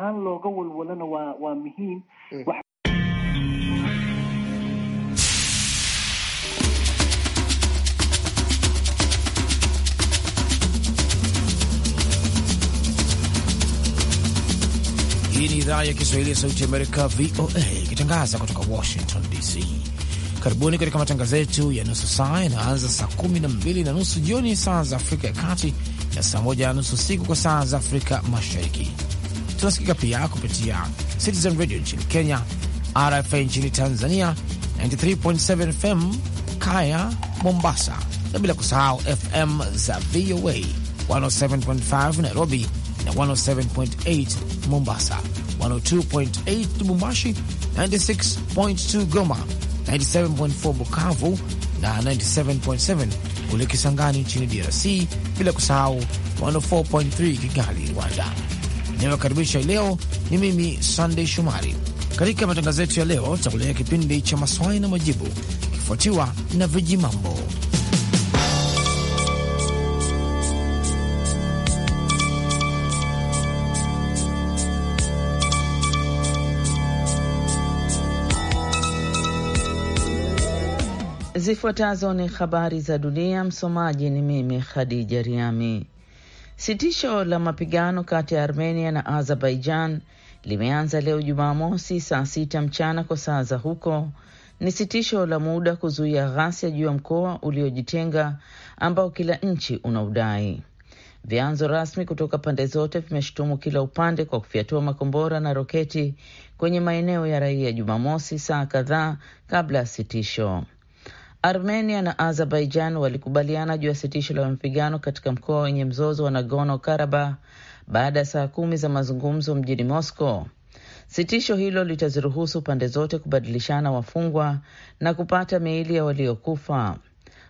Aan looga walwalana waa waa mm. muhiim Hii ni idhaa ya Kiswahili ya Sauti ya Amerika, VOA, ikitangaza kutoka Washington DC. Karibuni katika matangazo yetu ya nusu saa yanaanza saa kumi na mbili na nusu jioni saa za Afrika ya Kati na saa moja na nusu usiku kwa saa za Afrika Mashariki Tunasikika pia kupitia Citizen Radio nchini Kenya, RFA nchini Tanzania, 93.7 FM Kaya Mombasa, na bila kusahau FM za VOA 107.5 Nairobi na 107.8 Mombasa, 102.8 Lubumbashi, 96.2 Goma, 97.4 Bukavu na 97.7 kule Kisangani nchini DRC, bila kusahau 104.3 Kigali, Rwanda inayokaribisha leo. Ni mimi Sandey Shomari. Katika matangazo yetu ya leo, tutakuletea kipindi cha maswali na majibu kifuatiwa na viji mambo Zifuatazo ni habari za dunia. Msomaji ni mimi Khadija Riami. Sitisho la mapigano kati ya Armenia na Azerbaijan limeanza leo Jumamosi saa sita mchana kwa saa za huko. Ni sitisho la muda kuzuia ghasia juu ya mkoa uliojitenga ambao kila nchi unaudai. Vyanzo rasmi kutoka pande zote vimeshutumu kila upande kwa kufyatua makombora na roketi kwenye maeneo ya raia Jumamosi, saa kadhaa kabla ya sitisho. Armenia na Azerbaijan walikubaliana juu ya sitisho la mapigano katika mkoa wenye mzozo wa Nagorno Karabakh baada ya saa kumi za mazungumzo mjini Moscow. Sitisho hilo litaziruhusu pande zote kubadilishana wafungwa na kupata miili ya waliokufa.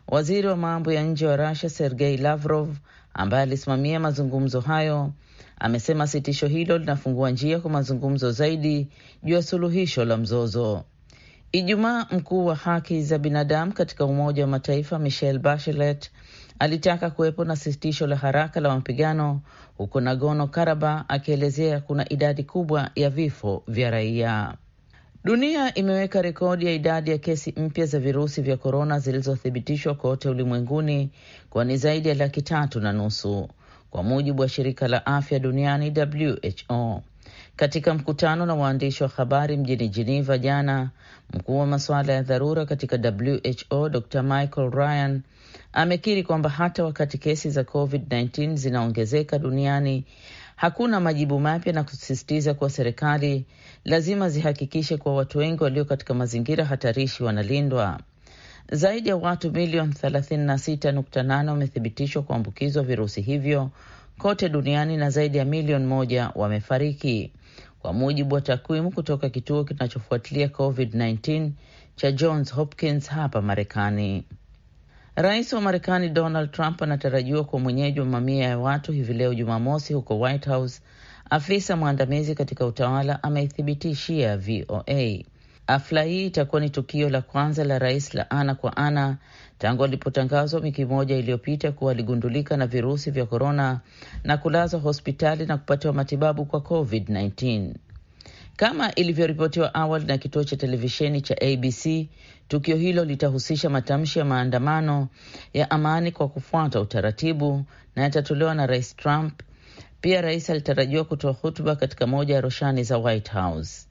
Waziri wa mambo ya nje wa Russia Sergei Lavrov, ambaye alisimamia mazungumzo hayo, amesema sitisho hilo linafungua njia kwa mazungumzo zaidi juu ya suluhisho la mzozo. Ijumaa, mkuu wa haki za binadamu katika Umoja wa Mataifa Michelle Bachelet alitaka kuwepo na sitisho la haraka la mapigano huko nagono karaba akielezea kuna idadi kubwa ya vifo vya raia. Dunia imeweka rekodi ya idadi ya kesi mpya za virusi vya korona zilizothibitishwa kote ulimwenguni, ni zaidi ya laki tatu na nusu, kwa mujibu wa shirika la afya duniani WHO. Katika mkutano na waandishi wa habari mjini Geneva jana, mkuu wa masuala ya dharura katika WHO Dr Michael Ryan amekiri kwamba hata wakati kesi za COVID-19 zinaongezeka duniani hakuna majibu mapya, na kusisitiza kuwa serikali lazima zihakikishe kuwa watu wengi walio katika mazingira hatarishi wanalindwa. Zaidi ya watu milioni 36.8 wamethibitishwa kuambukizwa virusi hivyo kote duniani na zaidi ya milioni moja wamefariki kwa mujibu wa takwimu kutoka kituo kinachofuatilia COVID-19 cha Johns Hopkins hapa Marekani. Rais wa Marekani Donald Trump anatarajiwa kuwa mwenyeji wa mamia ya watu hivi leo Jumamosi huko White House. Afisa mwandamizi katika utawala ameithibitishia VOA. Afla hii itakuwa ni tukio la kwanza la rais la ana kwa ana tangu alipotangazwa wiki moja iliyopita kuwa aligundulika na virusi vya korona na kulazwa hospitali na kupatiwa matibabu kwa COVID-19. Kama ilivyoripotiwa awali na kituo cha televisheni cha ABC, tukio hilo litahusisha matamshi ya maandamano ya amani kwa kufuata utaratibu na yatatolewa na Rais Trump. Pia rais alitarajiwa kutoa hutuba katika moja ya roshani za White House.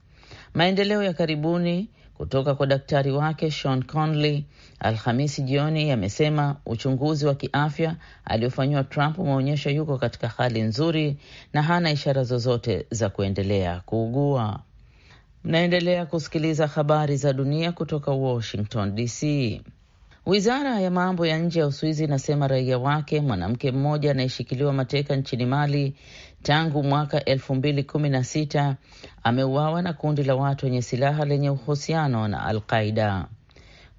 Maendeleo ya karibuni kutoka kwa daktari wake Sean Conley Alhamisi jioni yamesema uchunguzi wa kiafya aliofanyiwa Trump umeonyesha yuko katika hali nzuri na hana ishara zozote za kuendelea kuugua. Mnaendelea kusikiliza habari za dunia kutoka Washington DC. Wizara ya mambo ya nje ya Uswizi inasema raia wake mwanamke mmoja anayeshikiliwa mateka nchini Mali tangu mwaka elfu mbili kumi na sita ameuawa na kundi la watu wenye silaha lenye uhusiano na Alqaida.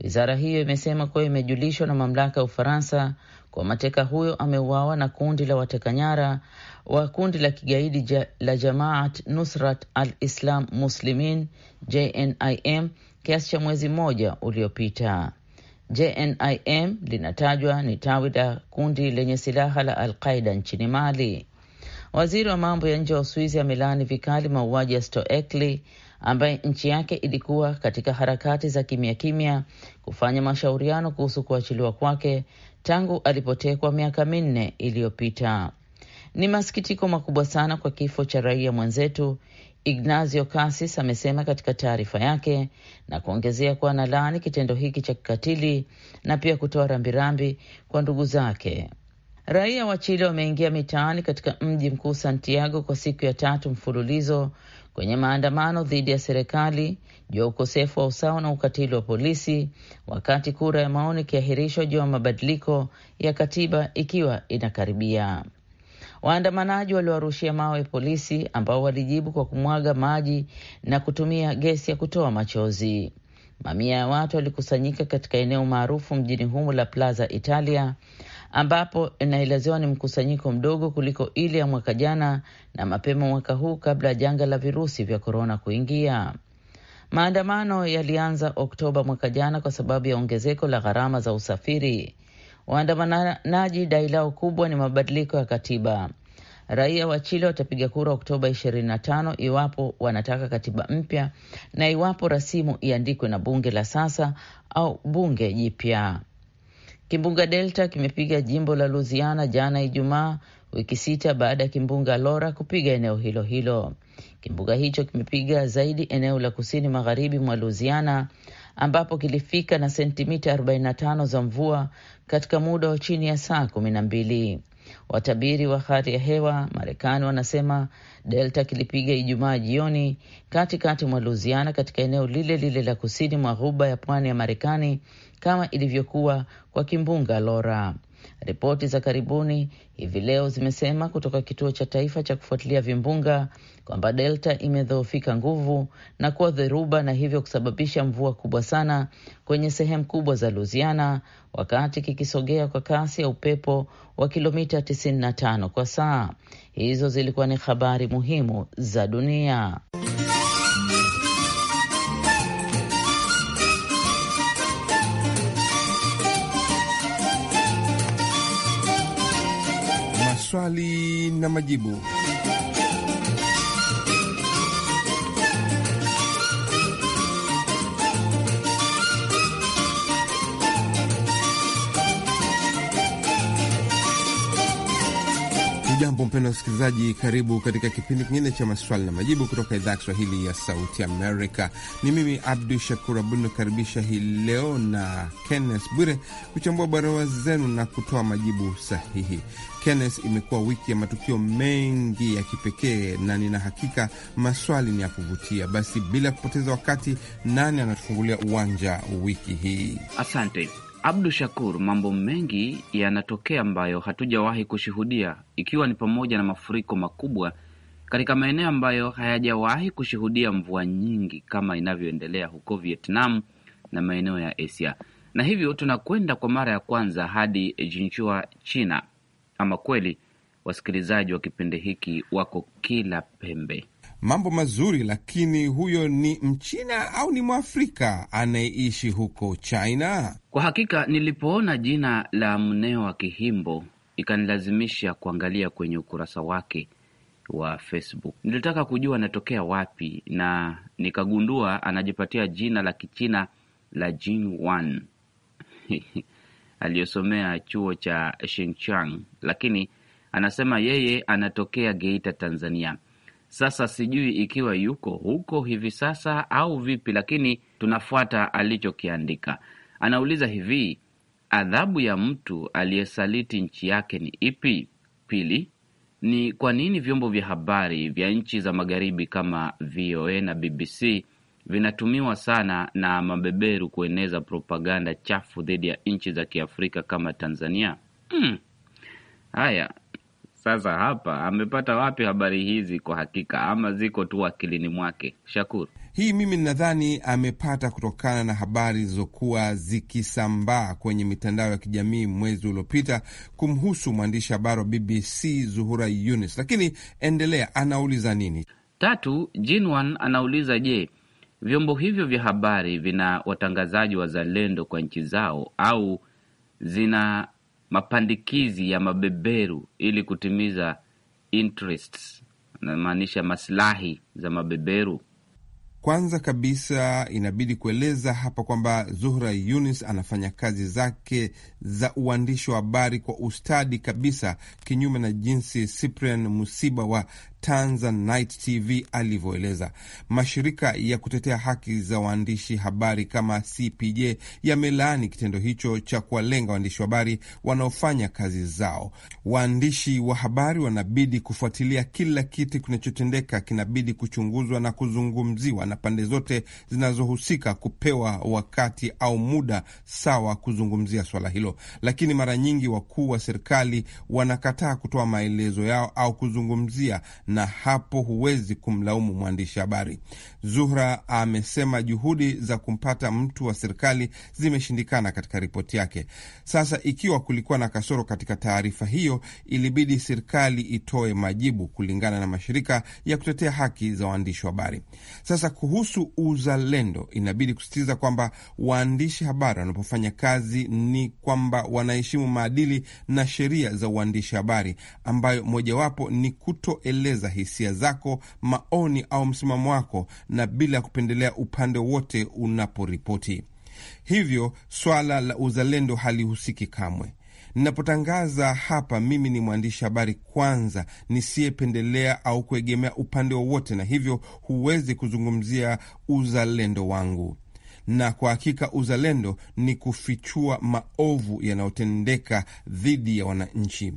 Wizara hiyo imesema kuwa imejulishwa na mamlaka ya Ufaransa kwa mateka huyo ameuawa na kundi la watekanyara wa kundi la kigaidi ja, la Jamaat Nusrat al Islam Muslimin JNIM kiasi cha mwezi mmoja uliopita. JNIM linatajwa ni tawi la kundi lenye silaha la Alqaida nchini Mali. Waziri wa mambo ya nje wa Uswizi amelaani vikali mauaji ya Stoekli ambaye nchi yake ilikuwa katika harakati za kimya kimya kufanya mashauriano kuhusu kuachiliwa kwake tangu alipotekwa miaka minne iliyopita. Ni masikitiko makubwa sana kwa kifo cha raia mwenzetu, Ignazio Kasis amesema katika taarifa yake, na kuongezea kuwa analaani kitendo hiki cha kikatili na pia kutoa rambirambi kwa ndugu zake. Raia wa Chile wameingia mitaani katika mji mkuu Santiago kwa siku ya tatu mfululizo kwenye maandamano dhidi ya serikali juu ya ukosefu wa usawa na ukatili wa polisi, wakati kura ya maoni ikiahirishwa juu ya mabadiliko ya katiba ikiwa inakaribia. Waandamanaji waliwarushia mawe polisi ambao walijibu kwa kumwaga maji na kutumia gesi ya kutoa machozi. Mamia ya watu walikusanyika katika eneo maarufu mjini humo la Plaza Italia ambapo inaelezewa ni mkusanyiko mdogo kuliko ile ya mwaka jana na mapema mwaka huu kabla ya janga la virusi vya korona kuingia. Maandamano yalianza Oktoba mwaka jana kwa sababu ya ongezeko la gharama za usafiri. Waandamanaji dai lao kubwa ni mabadiliko ya katiba. Raia wa Chile watapiga kura Oktoba 25 iwapo wanataka katiba mpya na iwapo rasimu iandikwe na bunge la sasa au bunge jipya. Kimbunga Delta kimepiga jimbo la Louisiana jana Ijumaa, wiki sita baada ya kimbunga Laura kupiga eneo hilo hilo. Kimbunga hicho kimepiga zaidi eneo la kusini magharibi mwa Louisiana ambapo kilifika na sentimita 45 za mvua katika muda wa chini ya saa kumi na mbili. Watabiri wa hali ya hewa Marekani wanasema Delta kilipiga Ijumaa jioni katikati mwa Louisiana, katika eneo lile lile la kusini mwa ghuba ya pwani ya Marekani kama ilivyokuwa kwa kimbunga Laura. Ripoti za karibuni hivi leo zimesema kutoka kituo cha taifa cha kufuatilia vimbunga kwamba Delta imedhoofika nguvu na kuwa dheruba na hivyo kusababisha mvua kubwa sana kwenye sehemu kubwa za Louisiana wakati kikisogea kwa kasi ya upepo wa kilomita 95 kwa saa. Hizo zilikuwa ni habari muhimu za dunia. Maswali na majibu. Hujambo mpendwa msikilizaji, karibu katika kipindi kingine cha maswali na majibu kutoka idhaa ya Kiswahili ya Sauti Amerika. Ni mimi Abdu Shakur Abud nakaribisha hii leo na Kennes Bwire kuchambua barua zenu na kutoa majibu sahihi. Kennes, imekuwa wiki ya matukio mengi ya kipekee na nina hakika maswali ni ya kuvutia. Basi bila kupoteza wakati, nani anatufungulia uwanja wiki hii? Asante. Abdu Shakur, mambo mengi yanatokea ambayo hatujawahi kushuhudia, ikiwa ni pamoja na mafuriko makubwa katika maeneo ambayo hayajawahi kushuhudia mvua nyingi kama inavyoendelea huko Vietnam na maeneo ya Asia. Na hivyo tunakwenda kwa mara ya kwanza hadi Jinchua, China. Ama kweli, wasikilizaji wa kipindi hiki wako kila pembe mambo mazuri, lakini huyo ni Mchina au ni Mwafrika anayeishi huko China? Kwa hakika, nilipoona jina la mneo wa Kihimbo ikanilazimisha kuangalia kwenye ukurasa wake wa Facebook. Nilitaka kujua anatokea wapi, na nikagundua anajipatia jina la Kichina la Jin Wan aliyosomea chuo cha Shinchang, lakini anasema yeye anatokea Geita, Tanzania. Sasa sijui ikiwa yuko huko hivi sasa au vipi, lakini tunafuata alichokiandika. Anauliza hivi, adhabu ya mtu aliyesaliti nchi yake ni ipi? Pili, ni kwa nini vyombo vya habari vya nchi za magharibi kama VOA na BBC vinatumiwa sana na mabeberu kueneza propaganda chafu dhidi ya nchi za Kiafrika kama Tanzania? Hmm. Haya, sasa hapa amepata wapi habari hizi kwa hakika, ama ziko tu akilini mwake? Shakuru, hii mimi ninadhani amepata kutokana na habari zilizokuwa zikisambaa kwenye mitandao ya kijamii mwezi uliopita kumhusu mwandishi habari wa BBC Zuhura Yunus. Lakini endelea, anauliza nini? Tatu, Jinwan anauliza je, vyombo hivyo vya habari vina watangazaji wazalendo kwa nchi zao au zina mapandikizi ya mabeberu ili kutimiza interests, namaanisha maslahi za mabeberu. Kwanza kabisa inabidi kueleza hapa kwamba Zuhra Yunis anafanya kazi zake za uandishi wa habari kwa ustadi kabisa, kinyume na jinsi Cyprian Musiba wa Tanzanite TV alivyoeleza. Mashirika ya kutetea haki za waandishi habari kama CPJ yamelaani kitendo hicho cha kuwalenga waandishi wa habari wanaofanya kazi zao. Waandishi wa habari wanabidi kufuatilia kila kitu kinachotendeka, kinabidi kuchunguzwa na kuzungumziwa, na pande zote zinazohusika kupewa wakati au muda sawa kuzungumzia swala hilo, lakini mara nyingi wakuu wa serikali wanakataa kutoa maelezo yao au kuzungumzia na hapo huwezi kumlaumu mwandishi habari. Zuhra amesema juhudi za kumpata mtu wa serikali zimeshindikana katika ripoti yake. Sasa ikiwa kulikuwa na kasoro katika taarifa hiyo, ilibidi serikali itoe majibu kulingana na mashirika ya kutetea haki za waandishi wa habari. Sasa kuhusu uzalendo, inabidi kusisitiza kwamba waandishi habari wanapofanya kazi ni kwamba wanaheshimu maadili na sheria za uandishi habari, ambayo mojawapo ni kutoeleza kueleza hisia zako, maoni au msimamo wako, na bila kupendelea upande wote unaporipoti. Hivyo swala la uzalendo halihusiki kamwe. Ninapotangaza hapa, mimi ni mwandishi habari kwanza, nisiyependelea au kuegemea upande wowote, na hivyo huwezi kuzungumzia uzalendo wangu. Na kwa hakika uzalendo ni kufichua maovu yanayotendeka dhidi ya wananchi.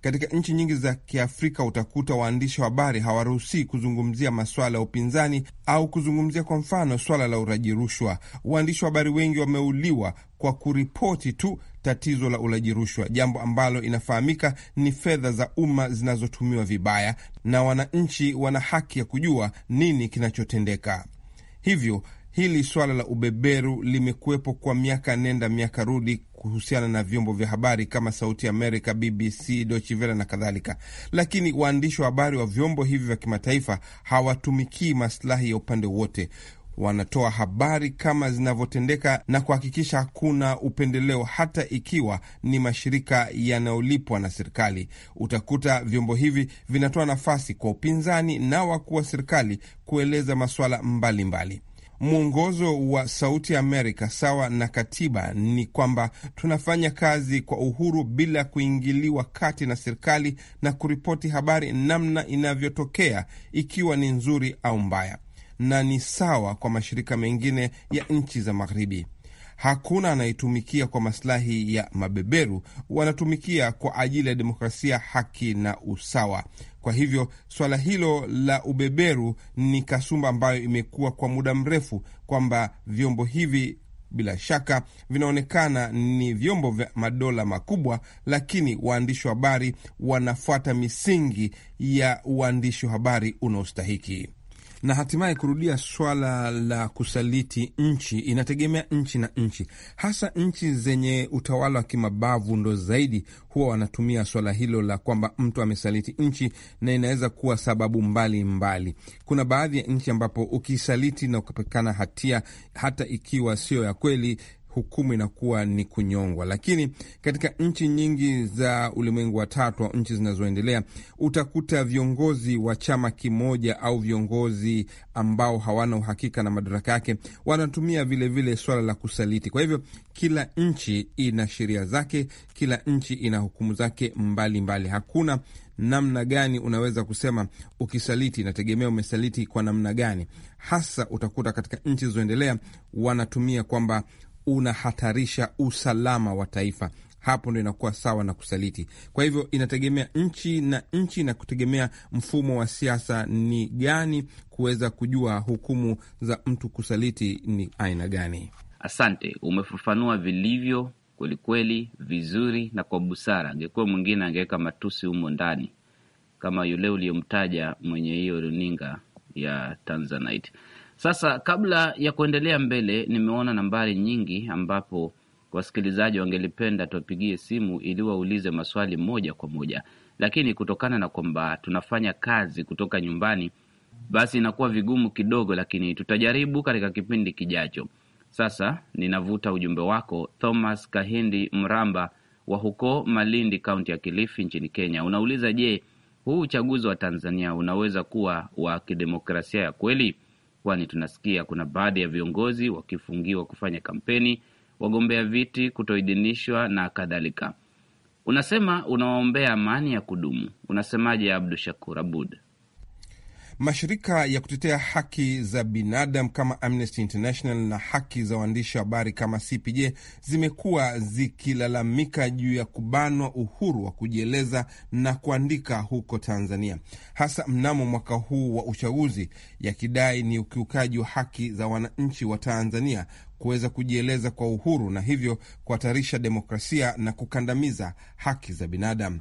Katika nchi nyingi za Kiafrika utakuta waandishi wa habari hawaruhusii kuzungumzia masuala ya upinzani au kuzungumzia kwa mfano swala la uraji rushwa. Waandishi wa habari wengi wameuliwa kwa kuripoti tu tatizo la ulaji rushwa, jambo ambalo inafahamika ni fedha za umma zinazotumiwa vibaya, na wananchi wana haki ya kujua nini kinachotendeka. Hivyo hili swala la ubeberu limekuwepo kwa miaka nenda miaka rudi kuhusiana na vyombo vya habari kama Sauti ya Amerika, BBC, Deutsche Welle na kadhalika, lakini waandishi wa habari wa vyombo hivi vya kimataifa hawatumikii maslahi ya upande wote wanatoa habari kama zinavyotendeka na kuhakikisha hakuna upendeleo, hata ikiwa ni mashirika yanayolipwa na serikali. Utakuta vyombo hivi vinatoa nafasi kwa upinzani na wakuu wa serikali kueleza masuala mbalimbali. Mwongozo wa Sauti Amerika sawa na katiba ni kwamba tunafanya kazi kwa uhuru bila kuingiliwa kati na serikali na kuripoti habari namna inavyotokea, ikiwa ni nzuri au mbaya, na ni sawa kwa mashirika mengine ya nchi za Magharibi. Hakuna anayetumikia kwa maslahi ya mabeberu, wanatumikia kwa ajili ya demokrasia, haki na usawa. Kwa hivyo swala hilo la ubeberu ni kasumba ambayo imekuwa kwa muda mrefu, kwamba vyombo hivi bila shaka vinaonekana ni vyombo vya madola makubwa, lakini waandishi wa habari wanafuata misingi ya uandishi wa habari unaostahiki na hatimaye kurudia swala la kusaliti nchi. Inategemea nchi na nchi, hasa nchi zenye utawala wa kimabavu ndo zaidi huwa wanatumia swala hilo la kwamba mtu amesaliti nchi, na inaweza kuwa sababu mbalimbali mbali. Kuna baadhi ya nchi ambapo ukisaliti na ukapatikana hatia hata ikiwa sio ya kweli hukumu inakuwa ni kunyongwa. Lakini katika nchi nyingi za ulimwengu wa tatu au nchi zinazoendelea, utakuta viongozi wa chama kimoja au viongozi ambao hawana uhakika na madaraka yake wanatumia vilevile vile swala la kusaliti. Kwa hivyo kila nchi ina sheria zake, kila nchi ina hukumu zake mbalimbali mbali. Hakuna namna gani unaweza kusema ukisaliti, inategemea umesaliti kwa namna gani hasa. Utakuta katika nchi zilizoendelea wanatumia kwamba unahatarisha usalama wa taifa, hapo ndo inakuwa sawa na kusaliti. Kwa hivyo inategemea nchi na nchi na kutegemea mfumo wa siasa ni gani, kuweza kujua hukumu za mtu kusaliti ni aina gani. Asante, umefafanua vilivyo kwelikweli, vizuri na kwa busara. Angekuwa mwingine angeweka matusi humo ndani, kama yule uliyomtaja mwenye hiyo runinga ya Tanzanite. Sasa kabla ya kuendelea mbele, nimeona nambari nyingi ambapo wasikilizaji wangelipenda tuwapigie simu ili waulize maswali moja kwa moja, lakini kutokana na kwamba tunafanya kazi kutoka nyumbani, basi inakuwa vigumu kidogo, lakini tutajaribu katika kipindi kijacho. Sasa ninavuta ujumbe wako Thomas Kahindi Mramba wa huko Malindi, kaunti ya Kilifi nchini Kenya. Unauliza, je, huu uchaguzi wa Tanzania unaweza kuwa wa kidemokrasia ya kweli? kwani tunasikia kuna baadhi ya viongozi wakifungiwa kufanya kampeni, wagombea viti kutoidhinishwa na kadhalika. Unasema unawaombea amani ya kudumu. Unasemaje, Abdu Shakur Abud? Mashirika ya kutetea haki za binadamu kama Amnesty International na haki za waandishi wa habari kama CPJ zimekuwa zikilalamika juu ya kubanwa uhuru wa kujieleza na kuandika huko Tanzania, hasa mnamo mwaka huu wa uchaguzi, yakidai ni ukiukaji wa haki za wananchi wa Tanzania kuweza kujieleza kwa uhuru na hivyo kuhatarisha demokrasia na kukandamiza haki za binadamu.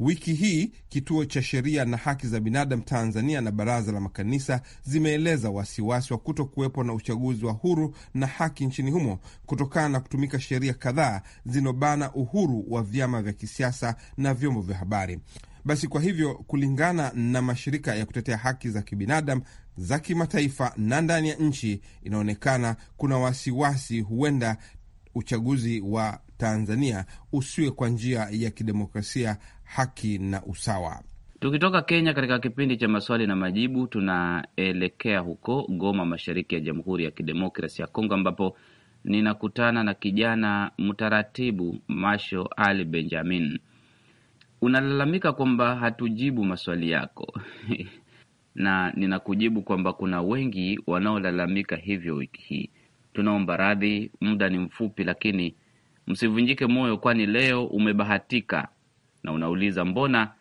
Wiki hii kituo cha sheria na haki za binadamu Tanzania na baraza la makanisa zimeeleza wasiwasi wa kuto kuwepo na uchaguzi wa huru na haki nchini humo kutokana na kutumika sheria kadhaa zinobana uhuru wa vyama vya kisiasa na vyombo vya habari. Basi kwa hivyo, kulingana na mashirika ya kutetea haki za kibinadamu za kimataifa na ndani ya nchi, inaonekana kuna wasiwasi huenda uchaguzi wa Tanzania usiwe kwa njia ya kidemokrasia, haki na usawa. Tukitoka Kenya katika kipindi cha maswali na majibu, tunaelekea huko Goma, mashariki ya Jamhuri ya Kidemokrasi ya Kongo, ambapo ninakutana na kijana mtaratibu Masho Ali Benjamin. Unalalamika kwamba hatujibu maswali yako na ninakujibu kwamba kuna wengi wanaolalamika hivyo wiki hii. Tunaomba radhi, muda ni mfupi, lakini Msivunjike moyo, kwani leo umebahatika. Na unauliza mbona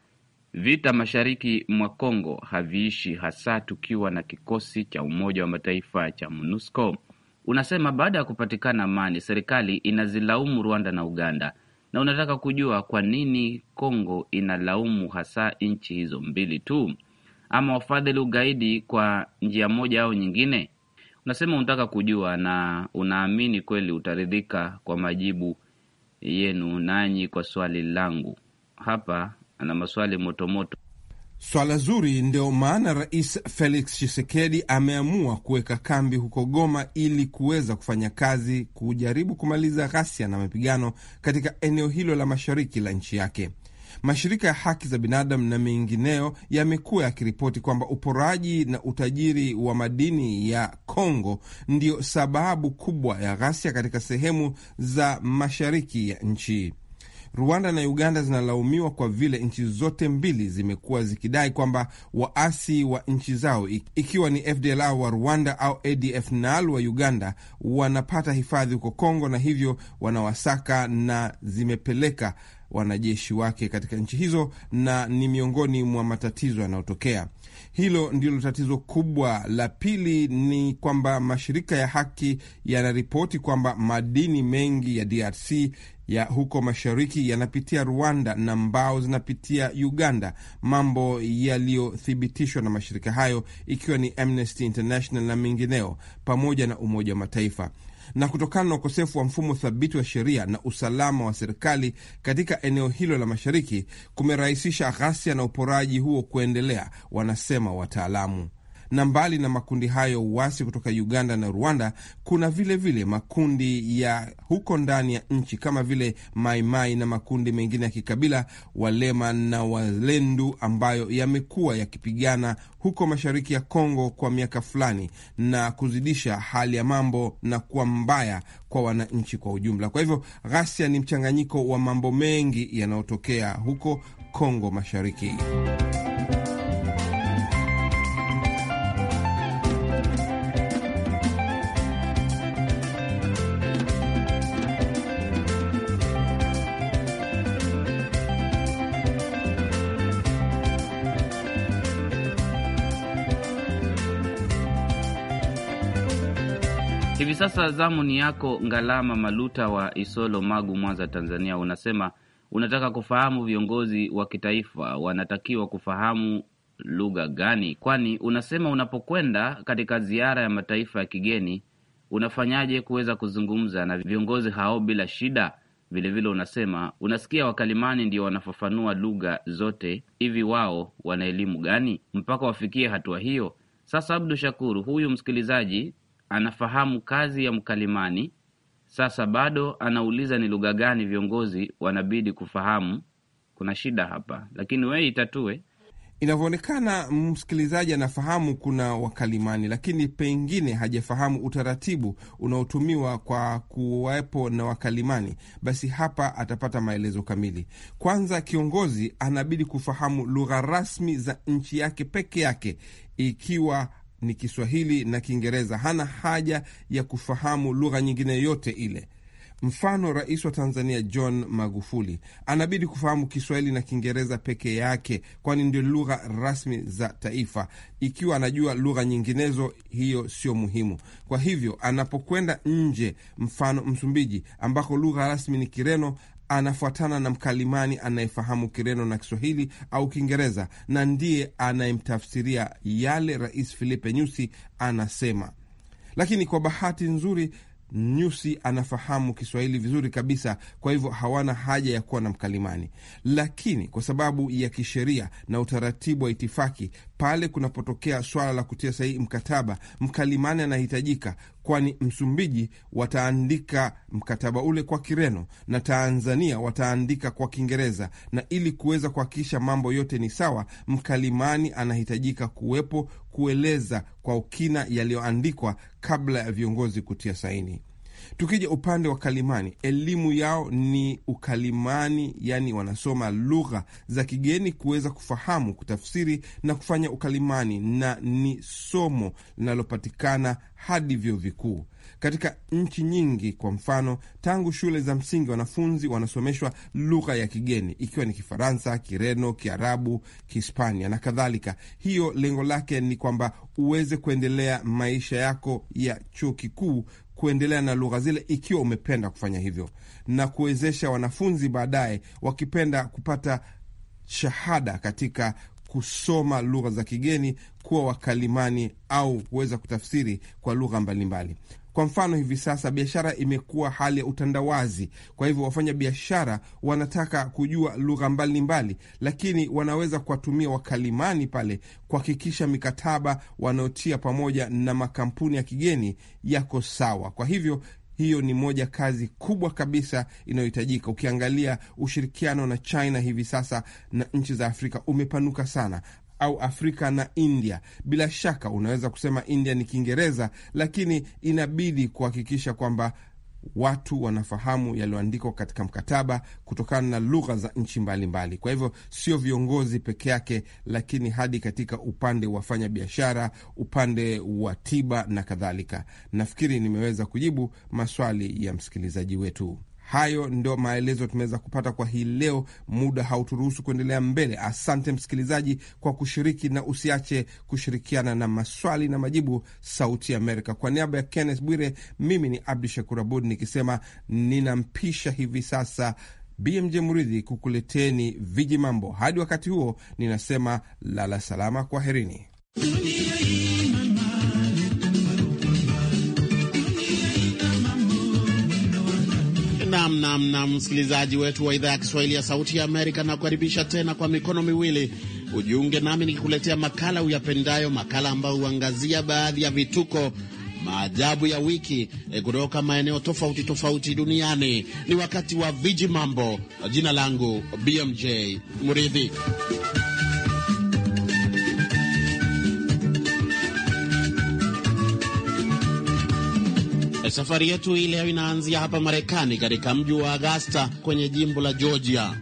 vita mashariki mwa Kongo haviishi, hasa tukiwa na kikosi cha Umoja wa Mataifa cha MONUSCO. Unasema baada ya kupatikana amani serikali inazilaumu Rwanda na Uganda, na unataka kujua kwa nini Kongo inalaumu hasa nchi hizo mbili tu, ama wafadhili ugaidi kwa njia moja au nyingine. Unasema unataka kujua na unaamini kweli utaridhika kwa majibu yenu nanyi kwa swali langu hapa. Ana maswali motomoto, swala zuri. Ndio maana Rais Felix chisekedi ameamua kuweka kambi huko Goma ili kuweza kufanya kazi kujaribu kumaliza ghasia na mapigano katika eneo hilo la mashariki la nchi yake. Mashirika ya haki za binadamu na mengineo yamekuwa yakiripoti kwamba uporaji na utajiri wa madini ya Kongo ndio sababu kubwa ya ghasia katika sehemu za mashariki ya nchi. Rwanda na Uganda zinalaumiwa kwa vile nchi zote mbili zimekuwa zikidai kwamba waasi wa, nchi zao ikiwa ni FDLR wa Rwanda au ADF NAL wa Uganda wanapata hifadhi huko Kongo, na hivyo wanawasaka na zimepeleka wanajeshi wake katika nchi hizo, na ni miongoni mwa matatizo yanayotokea. Hilo ndilo tatizo kubwa. La pili ni kwamba mashirika ya haki yanaripoti kwamba madini mengi ya DRC ya huko mashariki yanapitia Rwanda na mbao zinapitia Uganda, mambo yaliyothibitishwa na mashirika hayo ikiwa ni Amnesty International na mengineo pamoja na Umoja wa Mataifa. Na kutokana na ukosefu wa mfumo thabiti wa sheria na usalama wa serikali katika eneo hilo la mashariki kumerahisisha ghasia na uporaji huo kuendelea, wanasema wataalamu. Na mbali na makundi hayo uasi kutoka Uganda na Rwanda, kuna vilevile vile makundi ya huko ndani ya nchi kama vile Maimai na makundi mengine ya kikabila, Walema na Walendu, ambayo yamekuwa yakipigana huko mashariki ya Kongo kwa miaka fulani na kuzidisha hali ya mambo na kuwa mbaya kwa wananchi kwa ujumla. Kwa hivyo ghasia ni mchanganyiko wa mambo mengi yanayotokea huko Kongo Mashariki. Sasa zamu ni yako. Ngalama Maluta wa Isolo, Magu, Mwanza, Tanzania, unasema unataka kufahamu viongozi wa kitaifa wanatakiwa kufahamu lugha gani, kwani unasema unapokwenda katika ziara ya mataifa ya kigeni unafanyaje kuweza kuzungumza na viongozi hao bila shida? Vilevile vile unasema unasikia wakalimani ndio wanafafanua lugha zote, hivi wao wana elimu gani mpaka wafikie hatua hiyo? Sasa Abdu Shakuru, huyu msikilizaji anafahamu kazi ya mkalimani. Sasa bado anauliza ni lugha gani viongozi wanabidi kufahamu. Kuna shida hapa, lakini wewe itatue. Inavyoonekana msikilizaji anafahamu kuna wakalimani, lakini pengine hajafahamu utaratibu unaotumiwa kwa kuwepo na wakalimani. Basi hapa atapata maelezo kamili. Kwanza, kiongozi anabidi kufahamu lugha rasmi za nchi yake peke yake, ikiwa ni Kiswahili na Kiingereza. Hana haja ya kufahamu lugha nyingine yote ile. Mfano, rais wa Tanzania John Magufuli anabidi kufahamu Kiswahili na Kiingereza peke yake, kwani ndio lugha rasmi za taifa. Ikiwa anajua lugha nyinginezo, hiyo sio muhimu. Kwa hivyo, anapokwenda nje, mfano Msumbiji, ambako lugha rasmi ni Kireno, anafuatana na mkalimani anayefahamu Kireno na Kiswahili au Kiingereza, na ndiye anayemtafsiria yale Rais Filipe Nyusi anasema. Lakini kwa bahati nzuri Nyusi anafahamu Kiswahili vizuri kabisa, kwa hivyo hawana haja ya kuwa na mkalimani. Lakini kwa sababu ya kisheria na utaratibu wa itifaki, pale kunapotokea swala la kutia sahihi mkataba, mkalimani anahitajika, kwani Msumbiji wataandika mkataba ule kwa Kireno na Tanzania wataandika kwa Kiingereza, na ili kuweza kuhakikisha mambo yote ni sawa, mkalimani anahitajika kuwepo kueleza kwa ukina yaliyoandikwa kabla ya viongozi kutia saini. Tukija upande wa Kalimani, elimu yao ni ukalimani, yani wanasoma lugha za kigeni kuweza kufahamu, kutafsiri na kufanya ukalimani, na ni somo linalopatikana hadi vyuo vikuu katika nchi nyingi. Kwa mfano, tangu shule za msingi wanafunzi wanasomeshwa lugha ya kigeni ikiwa ni Kifaransa, Kireno, Kiarabu, Kihispania na kadhalika. Hiyo lengo lake ni kwamba uweze kuendelea maisha yako ya chuo kikuu kuendelea na lugha zile ikiwa umependa kufanya hivyo, na kuwezesha wanafunzi baadaye wakipenda kupata shahada katika kusoma lugha za kigeni, kuwa wakalimani au kuweza kutafsiri kwa lugha mbalimbali. Kwa mfano, hivi sasa biashara imekuwa hali ya utandawazi, kwa hivyo wafanya biashara wanataka kujua lugha mbalimbali, lakini wanaweza kuwatumia wakalimani pale kuhakikisha mikataba wanaotia pamoja na makampuni ya kigeni yako sawa. Kwa hivyo hiyo ni moja kazi kubwa kabisa inayohitajika. Ukiangalia ushirikiano na China hivi sasa na nchi za Afrika umepanuka sana, au Afrika na India. Bila shaka unaweza kusema India ni Kiingereza, lakini inabidi kuhakikisha kwamba watu wanafahamu yaliyoandikwa katika mkataba kutokana na lugha za nchi mbalimbali. Kwa hivyo sio viongozi peke yake, lakini hadi katika upande wa fanya biashara, upande wa tiba na kadhalika. Nafikiri nimeweza kujibu maswali ya msikilizaji wetu. Hayo ndo maelezo tumeweza kupata kwa hii leo. Muda hauturuhusu kuendelea mbele. Asante msikilizaji kwa kushiriki, na usiache kushirikiana na maswali na majibu. Sauti Amerika, kwa niaba ya Kenneth Bwire, mimi ni Abdu Shakur Abud nikisema ninampisha hivi sasa BMJ Muridhi kukuleteni viji mambo. Hadi wakati huo, ninasema lala salama, kwaherini. Nam, nam, nam, msikilizaji wetu wa idhaa ya Kiswahili ya Sauti ya Amerika, nakukaribisha tena kwa mikono miwili ujiunge nami nikikuletea makala uyapendayo, makala ambayo huangazia baadhi ya vituko, maajabu ya wiki eh, kutoka maeneo tofauti tofauti duniani. Ni wakati wa viji mambo. Jina langu BMJ Muridhi. Safari yetu hii leo inaanzia hapa Marekani, katika mji wa Augusta kwenye jimbo la Georgia.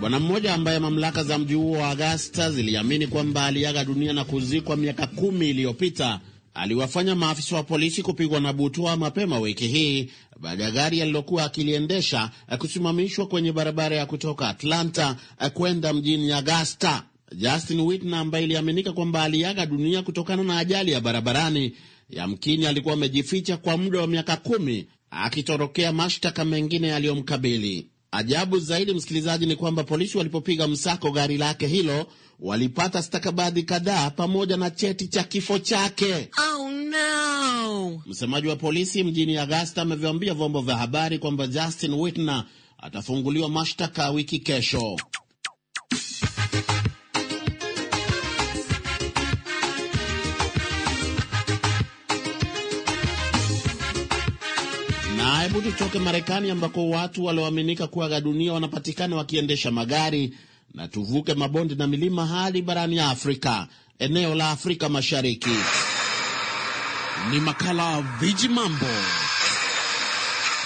Bwana mmoja ambaye mamlaka za mji huo wa Augusta ziliamini kwamba aliaga dunia na kuzikwa miaka kumi iliyopita aliwafanya maafisa wa polisi kupigwa na butwa mapema wiki hii baada ya gari alilokuwa akiliendesha kusimamishwa kwenye barabara ya kutoka Atlanta kwenda mjini Augusta. Justin Whitner ambaye iliaminika kwamba aliaga dunia kutokana na ajali ya barabarani Yamkini alikuwa amejificha kwa muda wa miaka kumi akitorokea mashtaka mengine yaliyomkabili. Ajabu zaidi, msikilizaji, ni kwamba polisi walipopiga msako gari lake hilo walipata stakabadhi kadhaa pamoja na cheti cha kifo chake. Oh, no. Msemaji wa polisi mjini Augusta ameviambia vyombo vya habari kwamba Justin Whitner atafunguliwa mashtaka wiki kesho. toke Marekani ambako watu walioaminika kuaga dunia wanapatikana wakiendesha magari, na tuvuke mabonde na milima hadi barani ya Afrika, eneo la Afrika Mashariki. Ni makala Viji Mambo.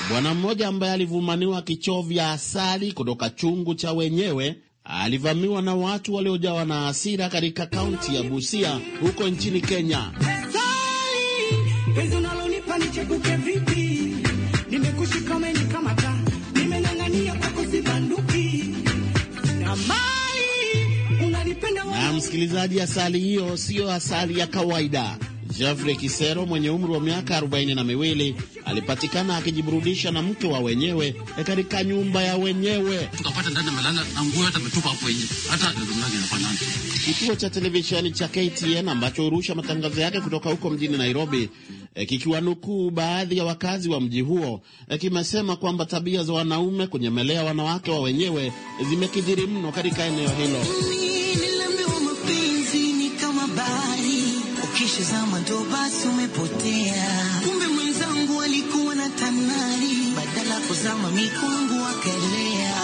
Bwana mmoja ambaye alivumaniwa kichovya asali kutoka chungu cha wenyewe alivamiwa na watu waliojawa na hasira katika kaunti ya Busia huko nchini Kenya. Msikilizaji, asali hiyo siyo asali ya kawaida. Jeffrey Kisero mwenye umri wa miaka arobaini na miwili alipatikana akijiburudisha na mke wa wenyewe katika nyumba ya wenyewe. Tukapata ndani na nguo yote ametupa hapo hata Kituo cha televisheni cha KTN ambacho hurusha matangazo yake kutoka huko mjini Nairobi e, kikiwa nukuu baadhi ya wakazi wa mji huo e, kimesema kwamba tabia za wanaume kunyemelea wanawake wa wenyewe zimekidhiri mno katika eneo hilo. hivyo basi umepotea. Kumbe mwenzangu alikuwa na tanari, badala kuzama akelea,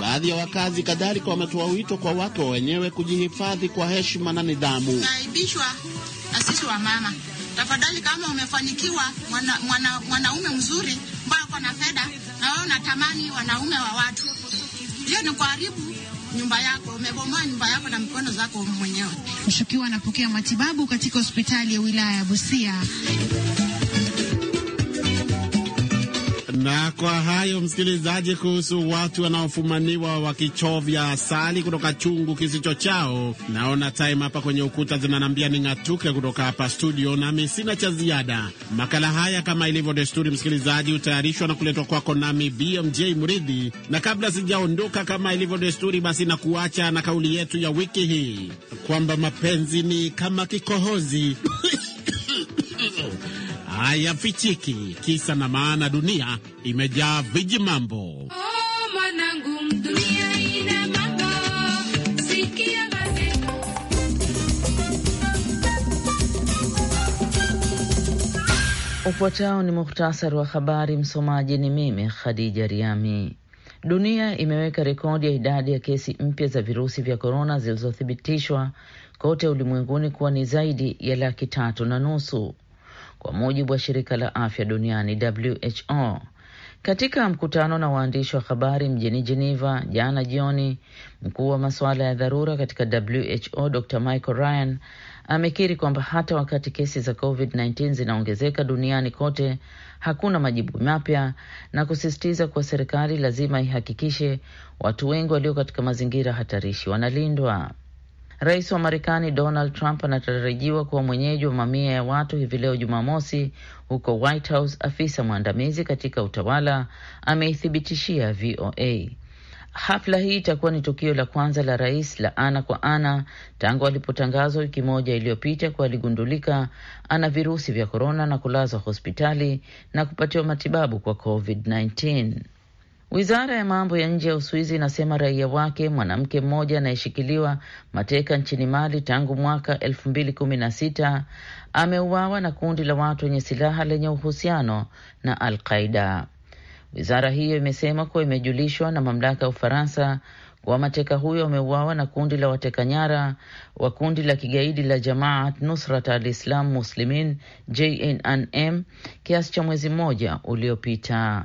Baadhi ya wakazi kadhalika wametoa wito kwa wake wa wenyewe kujihifadhi kwa heshima na nidhamu. Naaibishwa na sisi wa mama Tafadhali, kama umefanikiwa mwanaume mwana, mwana mzuri ambaye ako na fedha, na wewe unatamani wanaume wa watu, hiyo ni kuharibu nyumba yako, umebomoa nyumba yako na mikono zako mwenyewe. Mshukiwa anapokea matibabu katika hospitali ya wilaya ya Busia. Na kwa hayo msikilizaji, kuhusu watu wanaofumaniwa wakichovya asali kutoka chungu kisicho chao, naona time hapa kwenye ukuta zinanambia ning'atuke kutoka hapa studio, nami sina cha ziada. Makala haya kama ilivyo desturi, msikilizaji, hutayarishwa na kuletwa kwako nami BMJ Mridhi, na kabla sijaondoka, kama ilivyo desturi, basi nakuacha na kauli yetu ya wiki hii kwamba mapenzi ni kama kikohozi hayafichiki. Kisa na maana, dunia imejaa viji mambo. ufuatao. Ni muhtasari wa habari. Msomaji ni mimi Khadija Riami. Dunia imeweka rekodi ya idadi ya kesi mpya za virusi vya korona zilizothibitishwa kote ulimwenguni kuwa ni zaidi ya laki tatu na nusu kwa mujibu wa shirika la afya duniani WHO. Katika mkutano na waandishi wa habari mjini Geneva jana jioni, mkuu wa masuala ya dharura katika WHO Dr Michael Ryan amekiri kwamba hata wakati kesi za COVID-19 zinaongezeka duniani kote, hakuna majibu mapya na kusisitiza kuwa serikali lazima ihakikishe watu wengi walio katika mazingira hatarishi wanalindwa. Rais wa Marekani Donald Trump anatarajiwa kuwa mwenyeji wa mamia ya watu hivi leo Jumamosi huko White House. Afisa mwandamizi katika utawala ameithibitishia VOA hafla hii itakuwa ni tukio la kwanza la rais la ana kwa ana tangu alipotangazwa wiki moja iliyopita kuwa aligundulika ana virusi vya korona na kulazwa hospitali na kupatiwa matibabu kwa COVID-19. Wizara ya mambo ya nje ya Uswizi inasema raia wake mwanamke mmoja anayeshikiliwa mateka nchini Mali tangu mwaka elfu mbili kumi na sita ameuawa na kundi la watu wenye silaha lenye uhusiano na Al Qaida. Wizara hiyo imesema kuwa imejulishwa na mamlaka ya Ufaransa kuwa mateka huyo ameuawa na kundi la wateka nyara wa kundi la kigaidi la Jamaat Nusrat al Islam Muslimin JNNM kiasi cha mwezi mmoja uliopita.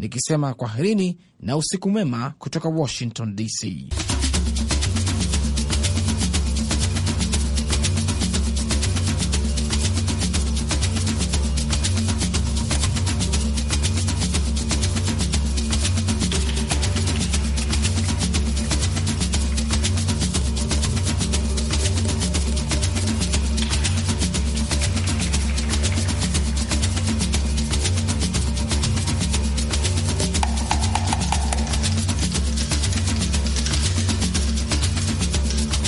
nikisema kwaherini na usiku mwema kutoka Washington DC.